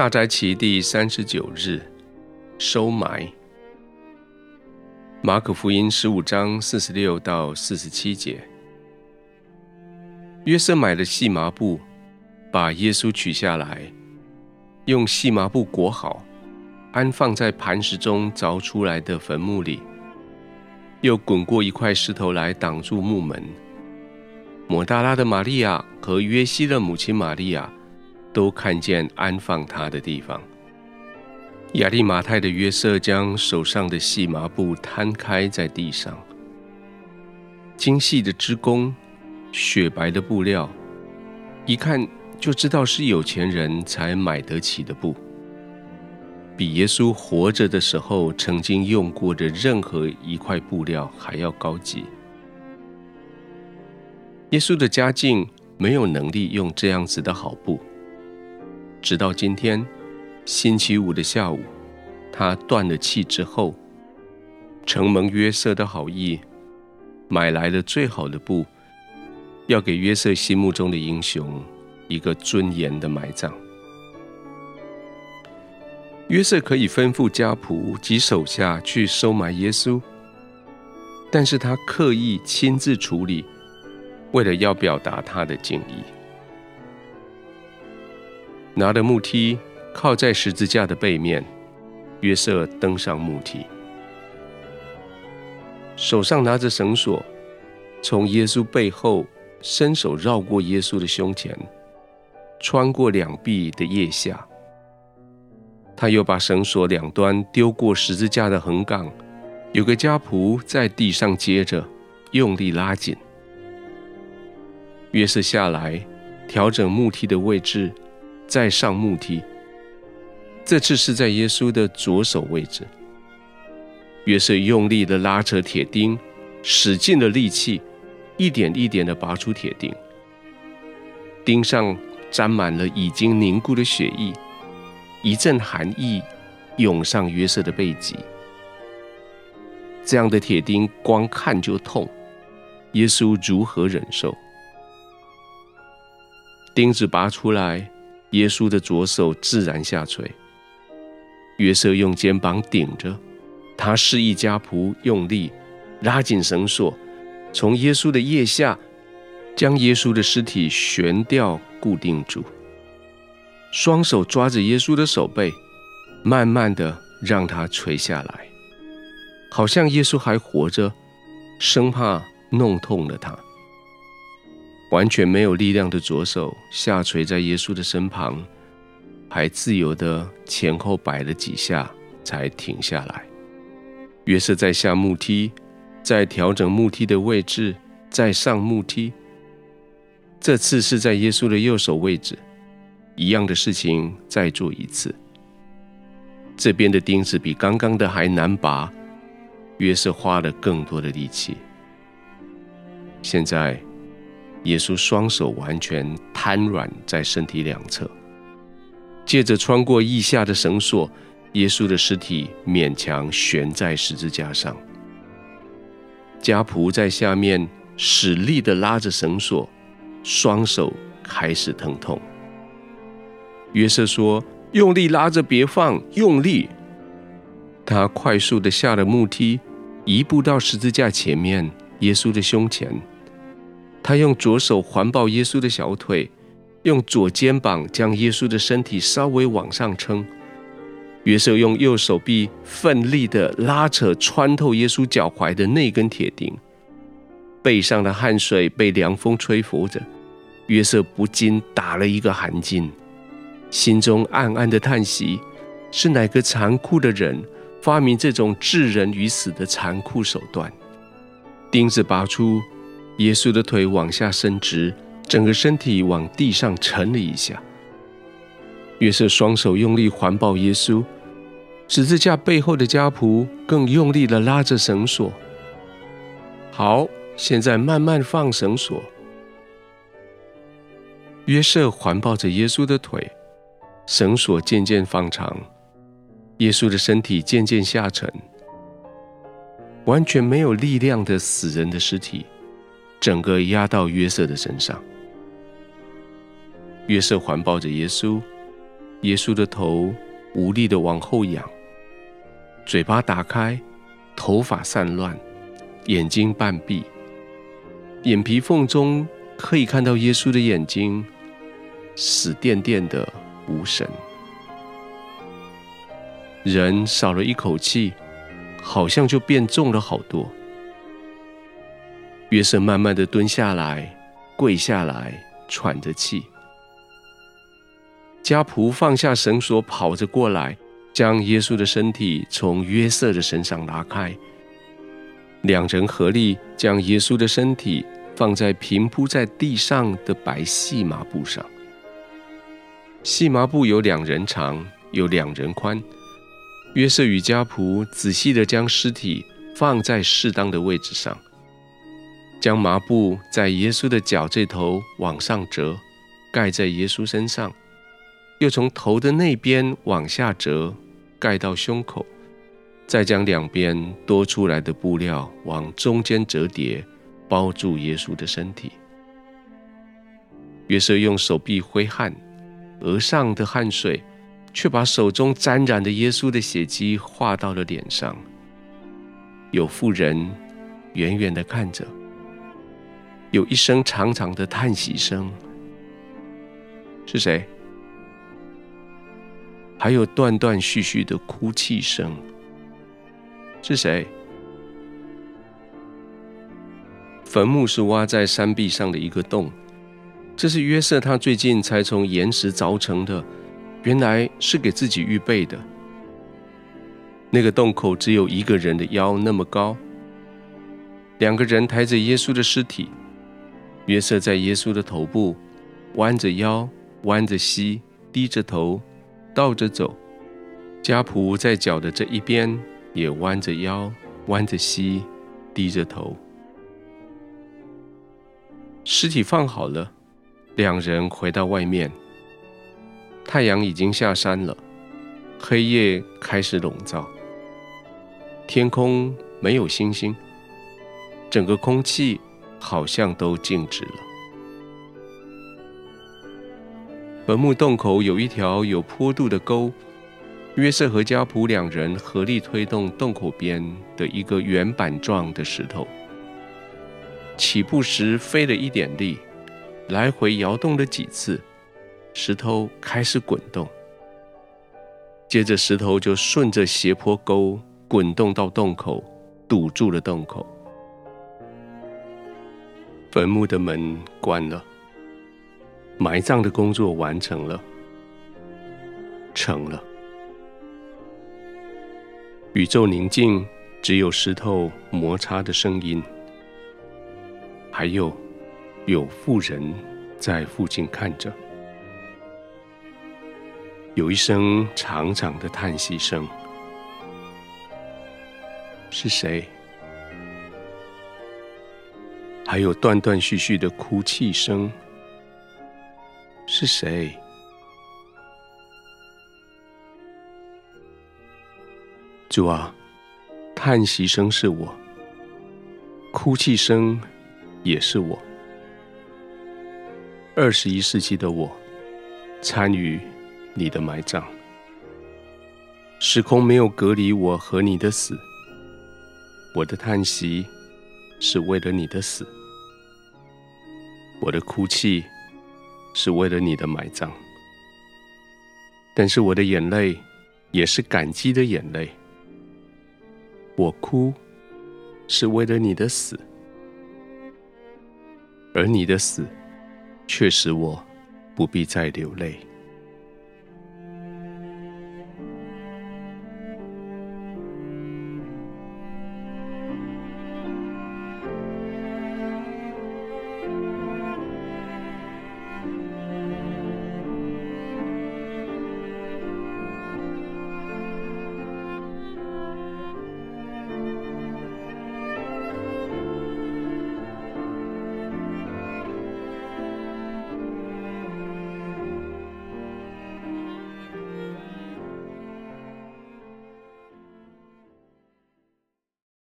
大齋期第三十九日，收埋。馬可福音十五章四十六到四十七節，約瑟買了細麻布，把耶穌取下來，用細麻布裹好，安放在磐石中鑿出來的墳墓裏，又滾過一塊石頭來擋住墓門。抹大拉的瑪利亞和約西的母親瑪利亞。都看見安放他的地方。亞利馬太的約瑟將手上的細麻布攤開在地上，精細的織工，雪白的布料，一看就知道是有錢人才買得起的布，比耶穌活着的時候曾經用過的任何一塊布料還要高級。耶穌的家境沒有能力用這樣子的好布。直到今天，星期五的下午，他斷了氣之後，承蒙約瑟的好意，買來了最好的布，要給約瑟心目中的英雄一個尊嚴的埋葬。約瑟可以吩咐家僕及手下去收埋耶穌，但是他刻意親自處理，為了要表達他的敬意。拿着木梯靠在十字架的背面，約瑟登上木梯，手上拿着繩索，從耶穌背後伸手繞過耶穌的胸前，穿過兩臂的腋下。他又把繩索兩端丟過十字架的橫槓，有個家僕在地上接着用力拉緊。約瑟下來調整木梯的位置。再上木梯，這次是在耶穌的左手位置。約瑟用力的拉扯鐵釘，使盡了力氣，一點一點的拔出鐵釘。釘上沾滿了已經凝固的血液，一陣寒意湧上約瑟的背脊。這樣的鐵釘光看就痛，耶穌如何忍受？釘子拔出來，耶穌的左手自然下垂，約瑟用肩膀頂着，他示意家僕用力拉緊繩索，從耶穌的腋下將耶穌的屍體懸吊固定住，雙手抓着耶穌的手背，慢慢的讓他垂下來，好像耶穌還活着，生怕弄痛了他。完全沒有力量的左手下垂在耶穌的身旁，還自由地前後擺了幾下，才停下來。約瑟再下木梯，再調整木梯的位置，再上木梯。這次是在耶穌的右手位置，一樣的事情再做一次。這邊的釘子比剛剛的還難拔，約瑟花了更多的力氣。現在。耶穌雙手完全癱軟在身體兩側，借着穿過腋下的繩索，耶穌的屍體勉強懸在十字架上。家僕在下面使力地拉着繩索，雙手開始疼痛。約瑟說：“用力拉着，別放，用力！”他快速地下了木梯，移步到十字架前面，耶穌的胸前。他用左手環抱耶穌的小腿，用左肩膀將耶穌的身體稍微往上撐。約瑟用右手臂奮力的拉扯穿透耶穌腳踝的那根鐵釘。背上的汗水被涼風吹拂着，約瑟不禁打了一個寒噤，心中暗暗的嘆息：是哪個殘酷的人發明這種置人於死的殘酷手段？釘子拔出。耶穌的腿往下伸直，整個身體往地上沉了一下。約瑟雙手用力環抱耶穌，十字架背後的家僕更用力地拉着繩索。好，現在慢慢放繩索。約瑟環抱着耶穌的腿，繩索漸漸放長，耶穌的身體漸漸下沉，完全沒有力量的死人的屍體。整個壓到約瑟的身上。約瑟環抱着耶穌，耶穌的頭無力的往後仰，嘴巴打開，頭髮散亂，眼睛半閉，眼皮縫中可以看到耶穌的眼睛，死甸甸的無神。人少了一口氣，好像就變重了好多。約瑟慢慢地蹲下來，跪下來，喘着氣。家僕放下繩索，跑着過來，將耶穌的身體從約瑟的身上拉開。兩人合力將耶穌的身體放在平鋪在地上的白細麻布上。細麻布有兩人長，有兩人寬。約瑟與家僕仔細地將屍體放在適當的位置上。將麻布在耶穌的腳這頭往上折，蓋在耶穌身上，又從頭的那邊往下折，蓋到胸口，再將兩邊多出來的布料往中間折疊，包住耶穌的身體。約瑟用手臂揮汗，額上的汗水卻把手中沾染的耶穌的血跡畫到了臉上。有婦人遠遠地看着。有一聲長長的嘆息聲，是誰？還有斷斷續續的哭泣聲，是誰？墳墓是挖在山壁上的一個洞，這是約瑟他最近才從岩石鑿成的，原來是給自己預備的。那個洞口只有一個人的腰那麼高，兩個人抬着耶穌的屍體。約瑟在耶穌的頭部彎着腰，彎着膝，低着頭，倒着走。家僕在腳的這一邊也彎着腰，彎着膝，低着頭。屍體放好了，兩人回到外面。太陽已經下山了，黑夜開始籠罩。天空沒有星星，整個空氣，好像都靜止了。墳墓洞口有一條有坡度的溝，約瑟和家僕兩人合力推動洞口邊的一個圓板狀的石頭。起步時費了一點力，來回搖動了幾次，石頭開始滾動。接着石頭就順着斜坡溝滾動到洞口，堵住了洞口。墳墓的門關了，埋葬的工作完成了，成了。宇宙寧靜，只有石頭摩擦的聲音，還有有婦人在附近看着，有一聲長長的嘆息聲，是誰？還有斷斷續續的哭泣聲，是誰？主啊，嘆息聲是我，哭泣聲也是我。二十一世紀的我，參與你的埋葬。時空沒有隔離我和你的死，我的嘆息是為了你的死。我的哭泣是為了你的埋葬，但是我的眼淚也是感激的眼淚。我哭是為了你的死，而你的死卻使我不必再流淚。